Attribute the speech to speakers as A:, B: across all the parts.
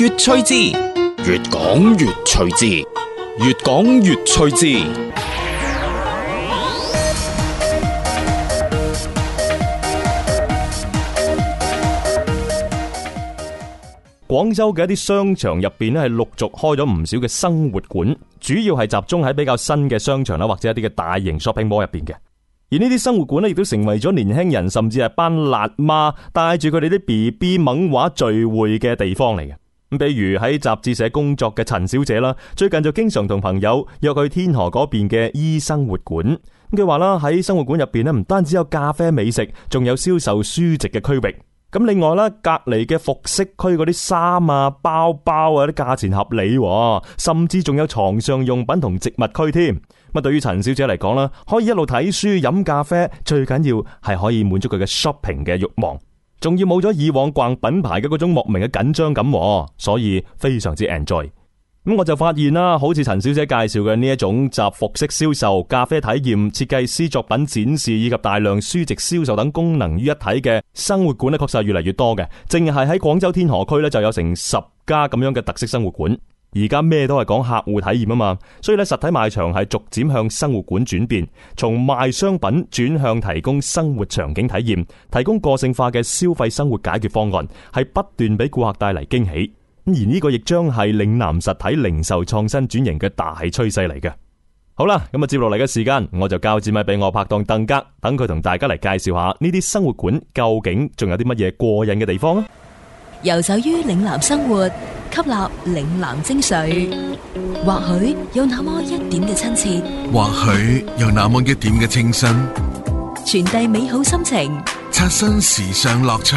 A: 越趣之，越講越趣之，越講越趣之。
B: 廣州嘅一啲商場入邊咧，係陸續開咗唔少嘅生活館，主要係集中喺比較新嘅商場啦，或者一啲嘅大型 shopping mall 入邊嘅。而呢啲生活館咧，亦都成為咗年輕人甚至係班辣媽帶住佢哋啲 B B 萌娃聚會嘅地方嚟嘅。比如喺雜誌社工作嘅陳小姐啦，最近就經常同朋友約去天河嗰邊嘅衣生活館。咁佢話啦，喺生活館入邊呢，唔單止有咖啡美食，仲有銷售書籍嘅區域。咁另外咧，隔籬嘅服飾區嗰啲衫啊、包包啊啲價錢合理，甚至仲有床上用品同植物區添。咁對於陳小姐嚟講啦，可以一路睇書、飲咖啡，最緊要係可以滿足佢嘅 shopping 嘅欲望。仲要冇咗以往逛品牌嘅嗰種莫名嘅緊張感，所以非常之 enjoy。咁我就發現啦，好似陳小姐介紹嘅呢一種集服飾銷售、咖啡體驗、設計師作品展示以及大量書籍銷售等功能於一體嘅生活館咧，確實係越嚟越多嘅。淨係喺廣州天河區呢，就有成十家咁樣嘅特色生活館。而家咩都係講客戶體驗啊嘛，所以咧，實體賣場係逐漸向生活館轉變，從賣商品轉向提供生活場景體驗，提供個性化嘅消費生活解決方案，係不斷俾顧客帶嚟驚喜。咁而呢個亦將係嶺南實體零售創新轉型嘅大趨勢嚟嘅。好啦，咁啊接落嚟嘅時間，我就交支咪俾我拍檔鄧家，等佢同大家嚟介紹下呢啲生活館究竟仲有啲乜嘢過癮嘅地方啊！
C: 遊走於嶺南生活。吸納嶺南精髓，或許有那麼一點嘅親切，
D: 或許有那麼一點嘅清新，
C: 傳遞美好心情，
D: 刷新時尚樂趣。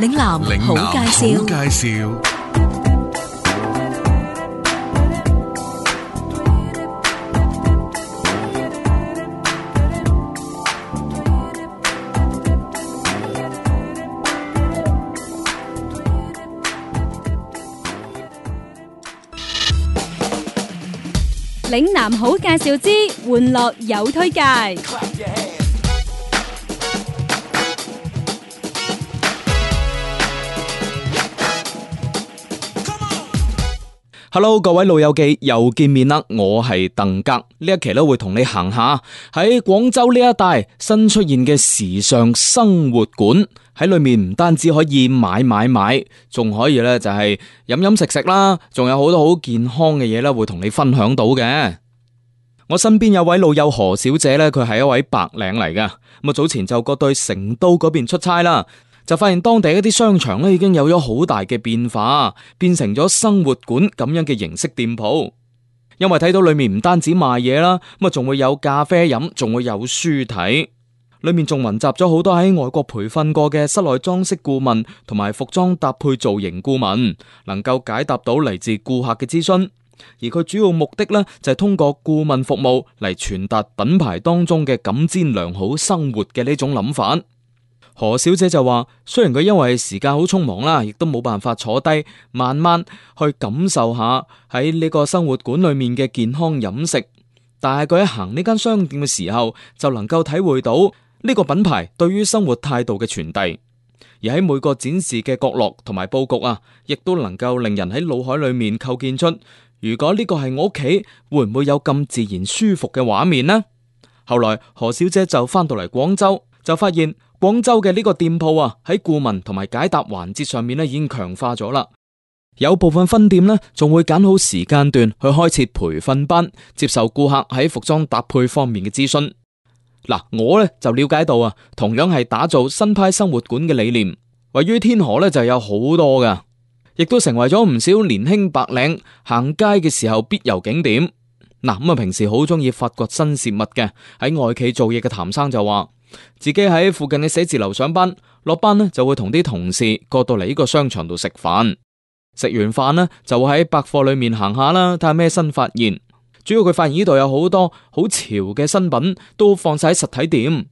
C: 嶺南好介紹，好介
D: 紹。
E: 嶺南好介紹之，玩 樂有推介。
A: Hello，各位老友記，又見面啦！我係鄧格，呢一期咧會同你行下喺廣州呢一帶新出現嘅時尚生活館。喺裏面唔單止可以買買買，仲可以呢就係飲飲食食啦，仲有好多好健康嘅嘢呢，會同你分享到嘅。我身邊有位老友何小姐呢，佢係一位白領嚟㗎。咁啊，早前就過對成都嗰邊出差啦，就發現當地一啲商場呢已經有咗好大嘅變化，變成咗生活館咁樣嘅形式店鋪。因為睇到裏面唔單止賣嘢啦，咁啊，仲會有咖啡飲，仲會有書睇。裏面仲混集咗好多喺外國培訓過嘅室內裝飾顧問同埋服裝搭配造型顧問，能夠解答到嚟自顧客嘅諮詢。而佢主要目的呢，就係通過顧問服務嚟傳達品牌當中嘅感知良好生活嘅呢種諗法。何小姐就話：雖然佢因為時間好匆忙啦，亦都冇辦法坐低慢慢去感受下喺呢個生活館裏面嘅健康飲食，但係佢喺行呢間商店嘅時候就能夠體會到。呢個品牌對於生活態度嘅傳遞，而喺每個展示嘅角落同埋布局啊，亦都能夠令人喺腦海裏面構建出，如果呢個係我屋企，會唔會有咁自然舒服嘅畫面呢？後來何小姐就翻到嚟廣州，就發現廣州嘅呢個店鋪啊，喺顧問同埋解答環節上面咧，已經強化咗啦。有部分分店呢，仲會揀好時間段去開設培訓班，接受顧客喺服裝搭配方面嘅諮詢。嗱，我咧就了解到啊，同樣係打造新派生活館嘅理念，位於天河咧就有好多噶，亦都成為咗唔少年輕白領行街嘅時候必遊景點。嗱，啊，咁啊平時好中意發掘新事物嘅喺外企做嘢嘅譚生就話，自己喺附近嘅寫字樓上班，落班呢就會同啲同事過到嚟呢個商場度食飯，食完飯呢，就會喺百貨裏面行下啦，睇下咩新發現。主要佢發現呢度有好多好潮嘅新品，都放晒喺實體店，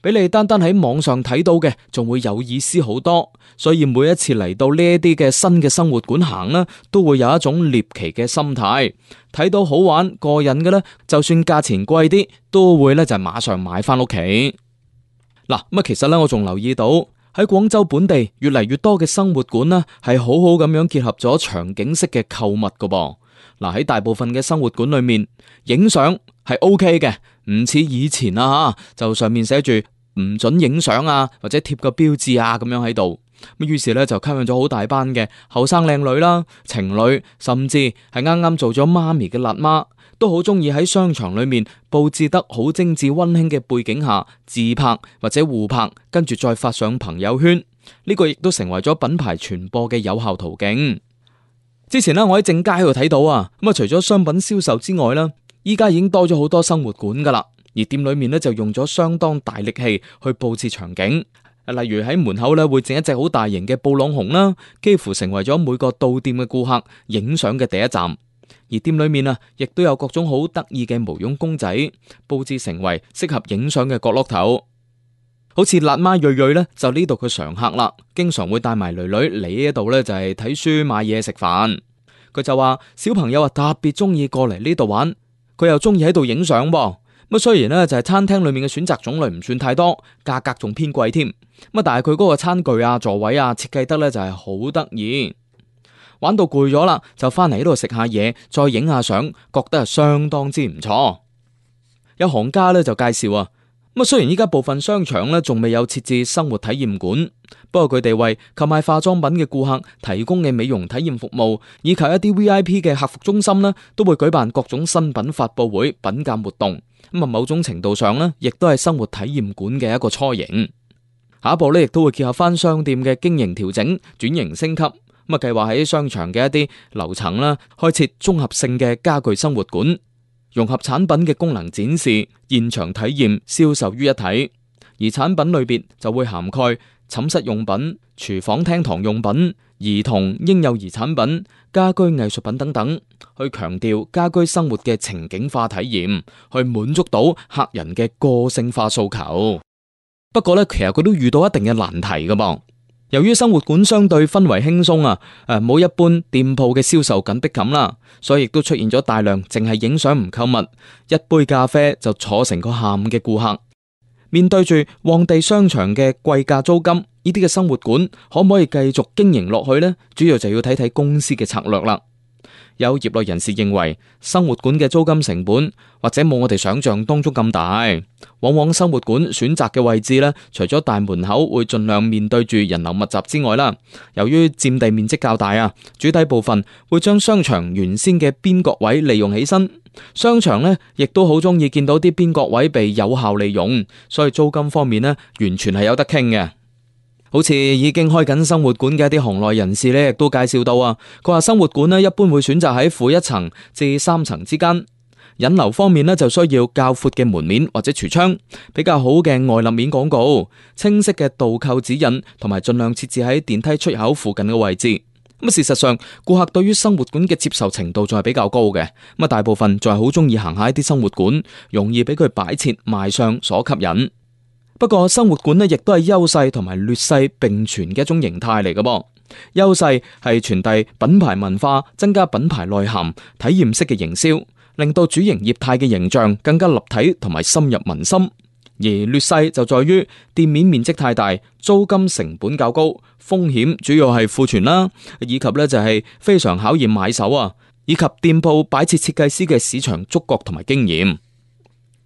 A: 比你單單喺網上睇到嘅仲會有意思好多。所以每一次嚟到呢一啲嘅新嘅生活館行咧，都會有一種獵奇嘅心態。睇到好玩過癮嘅呢，就算價錢貴啲，都會呢就係馬上買返屋企。嗱，咁其實呢，我仲留意到喺廣州本地越嚟越多嘅生活館咧，係好好咁樣結合咗場景式嘅購物㗎噃。嗱，喺大部分嘅生活館裏面，影相係 OK 嘅，唔似以前啊吓，就上面寫住唔准影相啊，或者貼個標誌啊咁樣喺度。咁於是咧就吸引咗好大班嘅後生靚女啦、情侶，甚至係啱啱做咗媽咪嘅辣媽，都好中意喺商場裏面佈置得好精緻溫馨嘅背景下自拍或者互拍，跟住再發上朋友圈。呢個亦都成為咗品牌傳播嘅有效途徑。之前咧，我喺正街嗰度睇到啊，咁啊，除咗商品銷售之外咧，依家已經多咗好多生活館噶啦。而店裏面呢，就用咗相當大力氣去布置場景，例如喺門口呢，會整一隻好大型嘅布朗熊啦，幾乎成為咗每個到店嘅顧客影相嘅第一站。而店裏面啊，亦都有各種好得意嘅毛絨公仔，布置成為適合影相嘅角落頭。好似辣媽瑞瑞呢，就呢度嘅常客啦，經常會帶埋女女嚟呢度呢，就係睇書、買嘢、食飯。佢就話小朋友啊特別中意過嚟呢度玩，佢又中意喺度影相噃。咁啊雖然呢，就係餐廳裏面嘅選擇種類唔算太多，價格仲偏貴添。咁但係佢嗰個餐具啊、座位啊設計得呢，就係好得意。玩到攰咗啦，就翻嚟呢度食下嘢，再影下相，覺得係相當之唔錯。有行家呢，就介紹啊。咁啊，雖然依家部分商場咧仲未有設置生活體驗館，不過佢哋為購買化妝品嘅顧客提供嘅美容體驗服務，以及一啲 V.I.P 嘅客服中心咧，都會舉辦各種新品發佈會、品鑒活動。咁啊，某種程度上呢，亦都係生活體驗館嘅一個雛形。下一步呢，亦都會結合翻商店嘅經營調整、轉型升級。咁啊，計劃喺商場嘅一啲樓層啦，開設綜合性嘅家居生活館。融合產品嘅功能展示、現場體驗、銷售於一體，而產品裏邊就會涵蓋寢室用品、廚房廳堂用品、兒童嬰幼兒產品、家居藝術品等等，去強調家居生活嘅情景化體驗，去滿足到客人嘅個性化訴求。不過咧，其實佢都遇到一定嘅難題噶噃。由於生活館相對氛圍輕鬆啊，誒冇一般店鋪嘅銷售緊迫感啦，所以亦都出現咗大量淨係影相唔購物，一杯咖啡就坐成個下午嘅顧客。面對住旺地商場嘅貴價租金，呢啲嘅生活館可唔可以繼續經營落去呢？主要就要睇睇公司嘅策略啦。有業內人士認為，生活館嘅租金成本或者冇我哋想象當中咁大。往往生活館選擇嘅位置呢，除咗大門口會盡量面對住人流密集之外啦，由於佔地面積較大啊，主體部分會將商場原先嘅邊角位利用起身。商場呢，亦都好鍾意見到啲邊角位被有效利用，所以租金方面呢，完全係有得傾嘅。好似已經開緊生活館嘅一啲行內人士呢，亦都介紹到啊。佢話生活館呢，一般會選擇喺負一層至三層之間。引流方面呢，就需要較闊嘅門面或者櫥窗，比較好嘅外立面廣告，清晰嘅導購指引，同埋盡量設置喺電梯出口附近嘅位置。咁事實上，顧客對於生活館嘅接受程度仲係比較高嘅。咁啊，大部分仲係好中意行下一啲生活館，容易俾佢擺設賣相所吸引。不過生活館呢，亦都係優勢同埋劣勢並存嘅一種形態嚟嘅噃。優勢係傳遞品牌文化、增加品牌內涵、體驗式嘅營銷，令到主營業態嘅形象更加立體同埋深入民心。而劣勢就在於店面面積太大、租金成本較高、風險主要係庫存啦，以及呢就係非常考驗買手啊，以及店鋪擺設設計師嘅市場觸覺同埋經驗。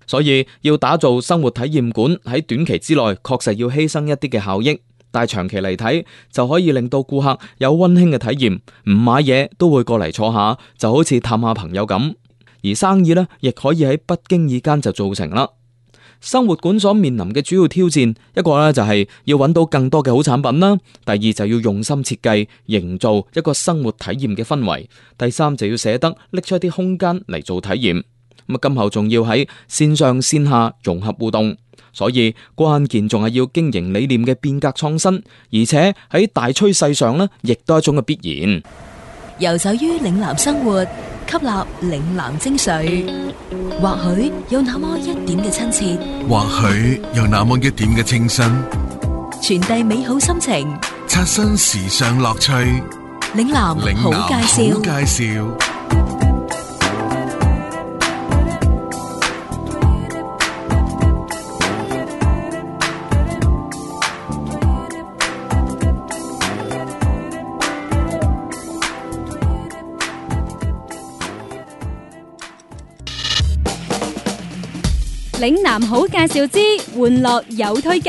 A: 所以要打造生活體驗館喺短期之內確實要犧牲一啲嘅效益，但係長期嚟睇就可以令到顧客有温馨嘅體驗，唔買嘢都會過嚟坐下，就好似探下朋友咁。而生意呢，亦可以喺不經意間就做成啦。生活館所面臨嘅主要挑戰，一個呢就係要搵到更多嘅好產品啦，第二就要用心設計營造一個生活體驗嘅氛圍，第三就要捨得拎出一啲空間嚟做體驗。咁啊，今後仲要喺線上線下融合互動，所以關鍵仲係要經營理念嘅變革創新，而且喺大趨勢上咧，亦都係一種嘅必然。
C: 遊走於嶺南生活，吸納嶺南精髓，或許有那麼一點嘅親切，
D: 或許有那麼一點嘅清新，
C: 傳遞美好心情，
D: 刷新時尚樂趣。
C: 嶺南好介
D: 紹。
E: 嶺南好介紹之，玩樂有推介。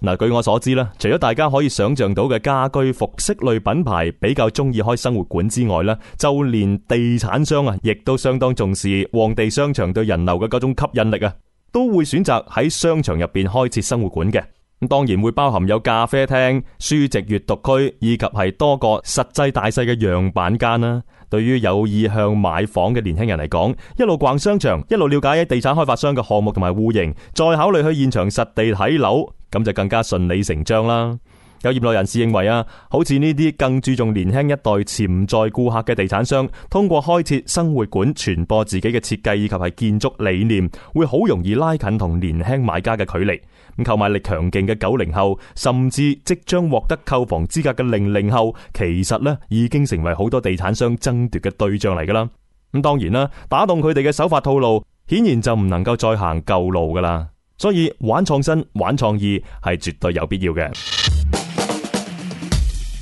B: 嗱，據我所知啦，除咗大家可以想象到嘅家居服飾類品牌比較中意開生活館之外啦，就連地產商啊，亦都相當重視旺地商場對人流嘅各種吸引力啊，都會選擇喺商場入邊開設生活館嘅。咁當然會包含有咖啡廳、書籍閱讀區，以及係多個實際大細嘅樣板間啦。對於有意向買房嘅年輕人嚟講，一路逛商場，一路了解地產開發商嘅項目同埋戶型，再考慮去現場實地睇樓，咁就更加順理成章啦。有業內人士認為啊,好似呢啲更注重年輕一代潛在顧客嘅地產商，通過開設生活館傳播自己嘅設計以及係建築理念,會好容易拉近同年輕買家嘅距離。咁購買力強勁嘅九零後，甚至即將獲得購房資格嘅零零後，其實呢已經成為好多地產商爭奪嘅對象嚟噶啦。咁當然啦，打動佢哋嘅手法套路，顯然就唔能夠再行舊路噶啦。所以玩創新、玩創意係絕對有必要嘅。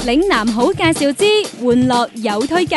E: 嶺南好介紹之，玩樂有推介。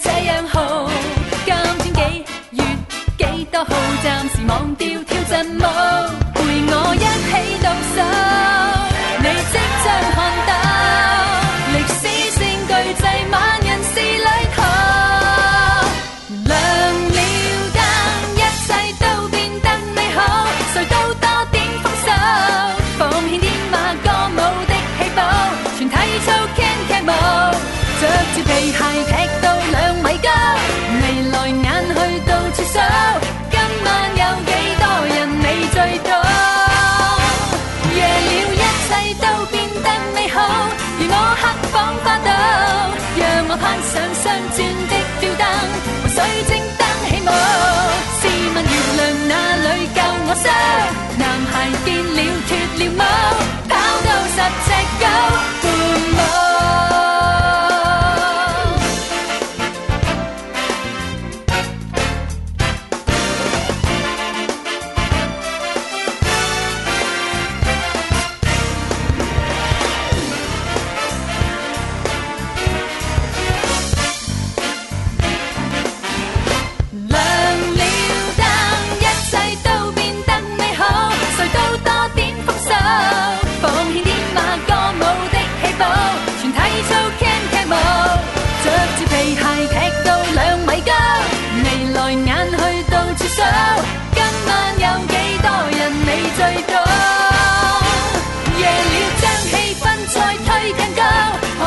E: 這樣好，今天幾月幾多號？暫時忘掉跳陣舞。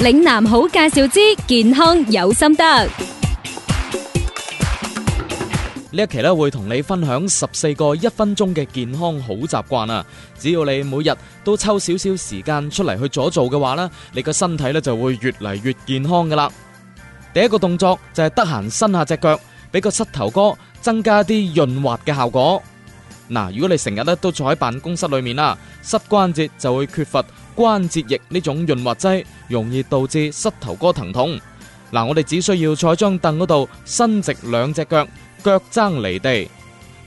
E: 嶺南好介紹之健康有心得，
A: 呢一期咧會同你分享十四個一分鐘嘅健康好習慣啊！只要你每日都抽少少時間出嚟去咗做嘅話呢，你個身體咧就會越嚟越健康噶啦。第一個動作就係得閒伸下隻腳，俾個膝頭哥增加啲潤滑嘅效果。嗱，如果你成日咧都坐喺辦公室裏面啦，膝關節就會缺乏。關節液呢種潤滑劑容易導致膝頭哥疼痛。嗱、啊，我哋只需要坐喺張凳嗰度，伸直兩隻腳，腳踭離地，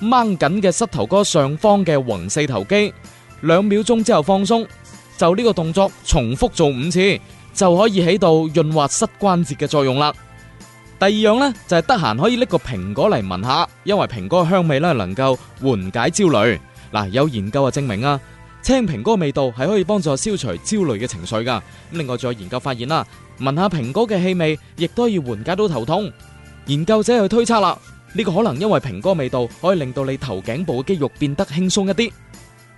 A: 掹緊嘅膝頭哥上方嘅橫四頭肌，兩秒鐘之後放鬆，就呢個動作重複做五次，就可以起到潤滑膝關節嘅作用啦。第二樣呢，就係得閒可以拎個蘋果嚟聞下，因為蘋果香味咧能夠緩解焦慮。嗱、啊，有研究啊證明啊。青蘋果味道係可以幫助消除焦慮嘅情緒噶。另外再研究發現啦，聞下蘋果嘅氣味亦都可以緩解到頭痛。研究者去推測啦，呢個可能因為蘋果味道可以令到你頭頸部嘅肌肉變得輕鬆一啲。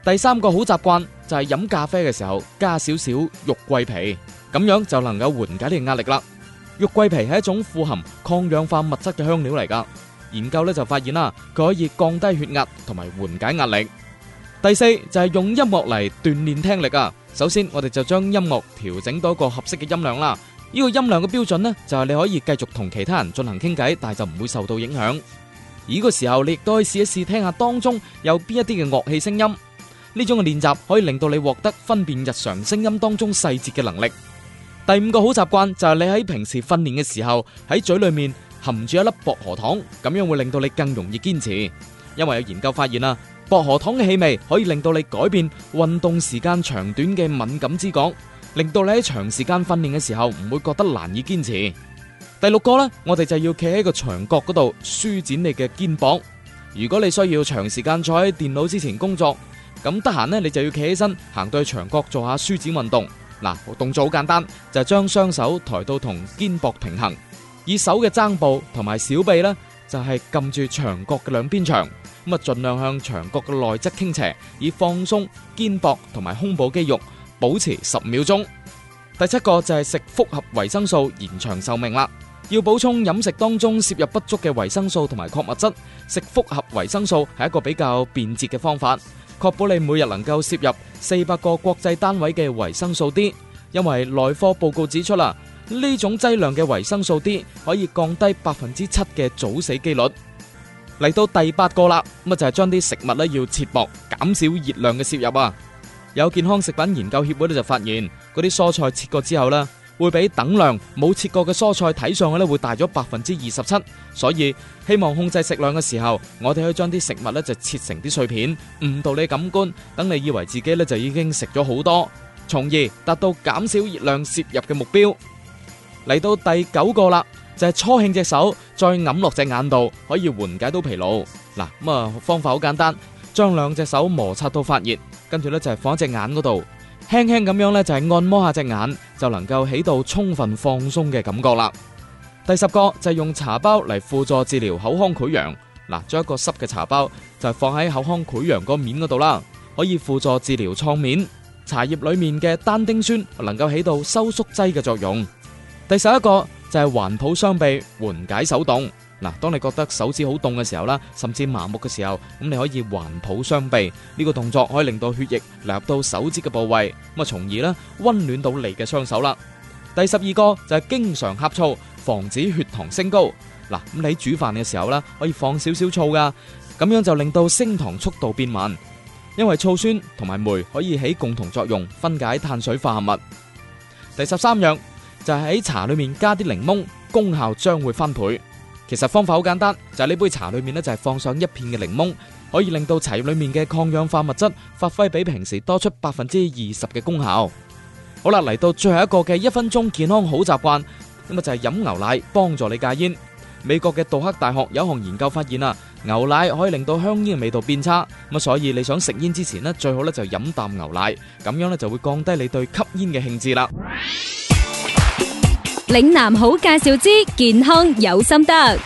A: 第三個好習慣就係飲咖啡嘅時候加少少肉桂皮，咁樣就能夠緩解你嘅壓力啦。肉桂皮係一種富含抗氧化物質嘅香料嚟噶。研究咧就發現啦，佢可以降低血壓同埋緩解壓力。第四就係用音樂嚟鍛煉聽力啊！首先，我哋就將音樂調整到一個合適嘅音量啦。呢個音量嘅標準呢，就係你可以繼續同其他人進行傾偈，但係就唔會受到影響。而個時候，你亦都可以試一試聽下當中有邊一啲嘅樂器聲音。呢種嘅練習可以令到你獲得分辨日常聲音當中細節嘅能力。第五個好習慣就係你喺平時訓練嘅時候喺嘴裏面含住一粒薄荷糖，咁樣會令到你更容易堅持，因為有研究發現啊。薄荷糖嘅氣味可以令到你改變運動時間長短嘅敏感之講，令到你喺長時間訓練嘅時候唔會覺得難以堅持。第六個呢，我哋就要企喺個牆角嗰度舒展你嘅肩膀。如果你需要長時間坐喺電腦之前工作，咁得閒呢，你就要企起身行到去牆角做下舒展運動。嗱，動作好簡單，就將、是、雙手抬到同肩膊平衡，以手嘅踭部同埋小臂呢，就係、是、撳住牆角嘅兩邊牆。咁啊，盡量向牆角嘅內側傾斜，以放鬆肩膊同埋胸部肌肉，保持十秒鐘。第七個就係食複合維生素延長壽命啦。要補充飲食當中攝入不足嘅維生素同埋礦物質，食複合維生素係一個比較便捷嘅方法。確保你每日能夠攝入四百個國際單位嘅維生素 D，因為內科報告指出啦，呢種劑量嘅維生素 D 可以降低百分之七嘅早死幾率。嚟到第八個啦，咁就係將啲食物呢要切薄，減少熱量嘅攝入啊。有健康食品研究協會呢就發現，嗰啲蔬菜切過之後呢，會比等量冇切過嘅蔬菜睇上去呢會大咗百分之二十七。所以希望控制食量嘅時候，我哋可以將啲食物呢就切成啲碎片，誤導你感官，等你以為自己呢就已經食咗好多，從而達到減少熱量攝入嘅目標。嚟到第九個啦。就係搓輕隻手，再揞落隻眼度，可以緩解到疲勞嗱。咁啊，方法好簡單，將兩隻手摩擦到發熱，跟住呢就係放喺隻眼嗰度，輕輕咁樣呢，就係按摩下隻眼，就能夠起到充分放鬆嘅感覺啦。第十個就係用茶包嚟輔助治療口腔潰瘍嗱，將一個濕嘅茶包就係放喺口腔潰瘍個面嗰度啦，可以輔助治療創面。茶葉裏面嘅單丁酸能夠起到收縮劑嘅作用。第十一個。就係環抱雙臂緩解手凍嗱，當你覺得手指好凍嘅時候啦，甚至麻木嘅時候，咁你可以環抱雙臂，呢個動作可以令到血液流入到手指嘅部位，咁啊從而咧溫暖到你嘅雙手啦。第十二個就係經常呷醋，防止血糖升高嗱。咁你煮飯嘅時候啦，可以放少少醋噶，咁樣就令到升糖速度變慢，因為醋酸同埋酶可以起共同作用分解碳水化合物。第十三樣。就係喺茶裏面加啲檸檬，功效將會翻倍。其實方法好簡單，就係、是、呢杯茶裏面呢，就係放上一片嘅檸檬，可以令到茶裏面嘅抗氧化物質發揮比平時多出百分之二十嘅功效。好啦，嚟到最後一個嘅一分鐘健康好習慣，咁啊就係、是、飲牛奶幫助你戒煙。美國嘅杜克大學有項研究發現啊，牛奶可以令到香煙嘅味道變差，咁啊所以你想食煙之前呢，最好咧就飲啖牛奶，咁樣呢就會降低你對吸煙嘅興致啦。
E: 嶺南好介紹之健康有
C: 心得，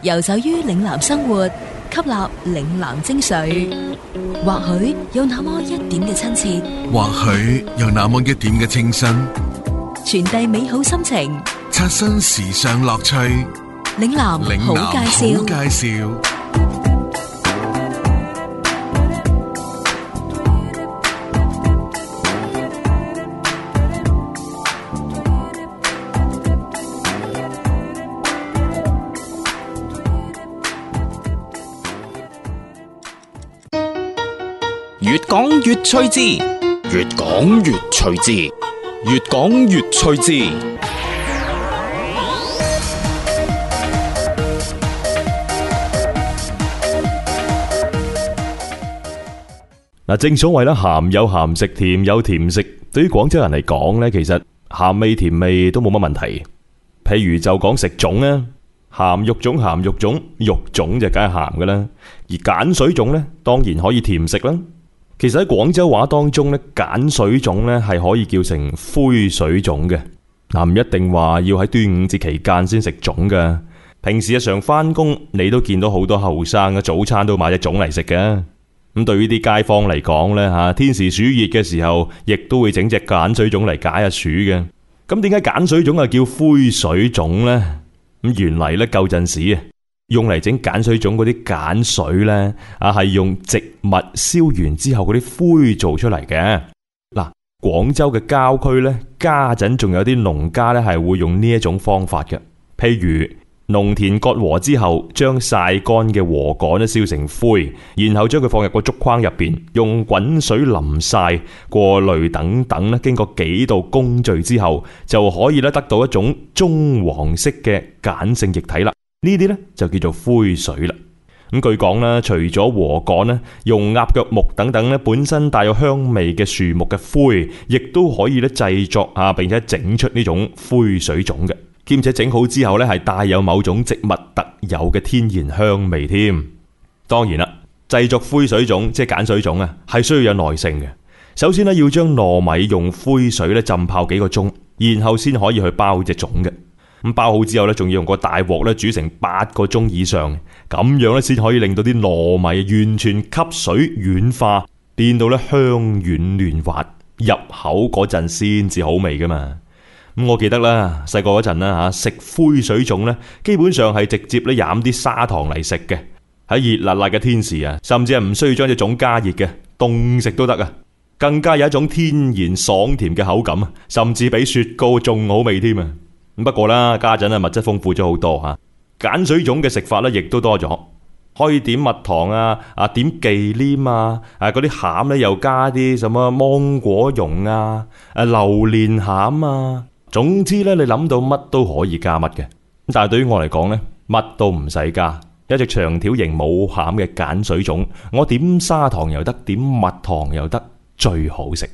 C: 遊走於嶺南生活，吸納嶺南精髓，或許有那麼一點嘅親切，
D: 或許有那麼一點嘅清新，
C: 傳遞美好心情，
D: 刷新時尚樂趣。
C: 嶺南好介
D: 紹。
A: 越趣字，越講越趣字，越講越趣字。
B: 嗱，正所謂咧，咸有咸食，甜有甜食。對於廣州人嚟講咧，其實咸味、甜味都冇乜問題。譬如就講食粽咧，咸肉粽、咸肉粽、肉粽就梗係咸㗎啦，而鹼水粽咧，當然可以甜食啦。其實喺廣州話當中咧，鹼水粽咧係可以叫成灰水粽嘅。嗱，唔一定話要喺端午節期間先食粽㗎。平時日常翻工，你都見到好多後生嘅早餐都買隻粽嚟食㗎。咁、嗯、對於啲街坊嚟講咧，吓、啊、天時暑熱嘅時候，亦都會整隻鹼水粽嚟解下暑嘅。咁點解鹼水粽啊叫灰水粽呢？咁、嗯、原嚟咧舊陣時啊！用嚟整鹼水種嗰啲鹼水呢，啊係用植物燒完之後嗰啲灰做出嚟嘅。嗱，廣州嘅郊區呢，家陣仲有啲農家呢係會用呢一種方法嘅。譬如農田割禾之後，將曬乾嘅禾稈呢燒成灰，然後將佢放入個竹筐入邊，用滾水淋晒、過濾等等呢，經過幾道工序之後，就可以咧得到一種棕黃色嘅鹼性液體啦。呢啲咧就叫做灰水啦。咁據講咧，除咗禾稈咧，用鴨腳木等等咧本身帶有香味嘅樹木嘅灰，亦都可以咧製作啊，並且整出呢種灰水粽嘅。兼且整好之後咧，係帶有某種植物特有嘅天然香味添。當然啦，製作灰水粽即係鹼水粽啊，係需要有耐性嘅。首先咧，要將糯米用灰水咧浸泡幾個鐘，然後先可以去包隻粽嘅。咁包好之後咧，仲要用個大鑊咧煮成八個鐘以上，咁樣咧先可以令到啲糯米完全吸水軟化，變到咧香軟嫩滑，入口嗰陣先至好味噶嘛。咁我記得啦，細個嗰陣啦吓食灰水粽咧，基本上係直接咧飲啲砂糖嚟食嘅。喺熱辣辣嘅天時啊，甚至係唔需要將隻粽加熱嘅凍食都得啊，更加有一種天然爽甜嘅口感啊，甚至比雪糕仲好味添啊！不過啦，家陣啊物質豐富咗好多吓，鹼水粽嘅食法咧亦都多咗，可以點蜜糖啊，啊點忌廉啊，啊嗰啲餡咧又加啲什麼芒果蓉啊，誒榴蓮餡啊，總之咧你諗到乜都可以加乜嘅。咁但係對於我嚟講咧，乜都唔使加，一隻長條形冇餡嘅鹼水粽，我點砂糖又得，點蜜糖又得，最好食。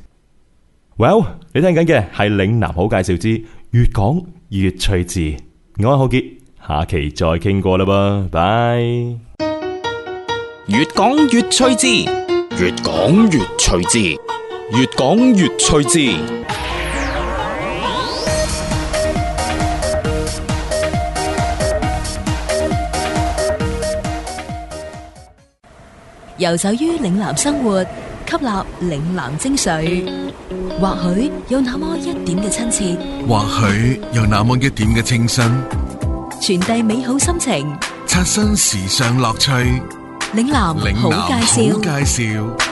B: Well，你聽緊嘅係嶺南好介紹之粵港越趣致，我係浩杰，下期再傾過啦噃，拜。
A: 越講越趣致，越講越趣致，越講越趣致。
C: 遊走於嶺南生活。吸納嶺南精髓，或許有那麼一點嘅親切，
D: 或許有那麼一點嘅清新，
C: 傳遞美好心情，
D: 刷新時尚樂趣。
C: 嶺南好介
D: 紹。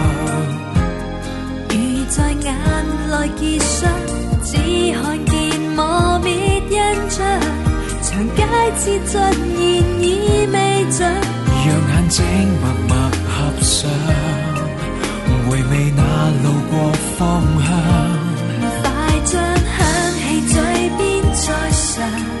F: 在眼內結霜，只看見磨滅印象。長街漸盡，然已未盡。
G: 讓眼睛默默合上，回味那路過方向。
F: 快將香氣嘴邊再嘗。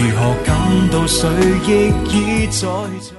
G: 如何感到誰亦已在場？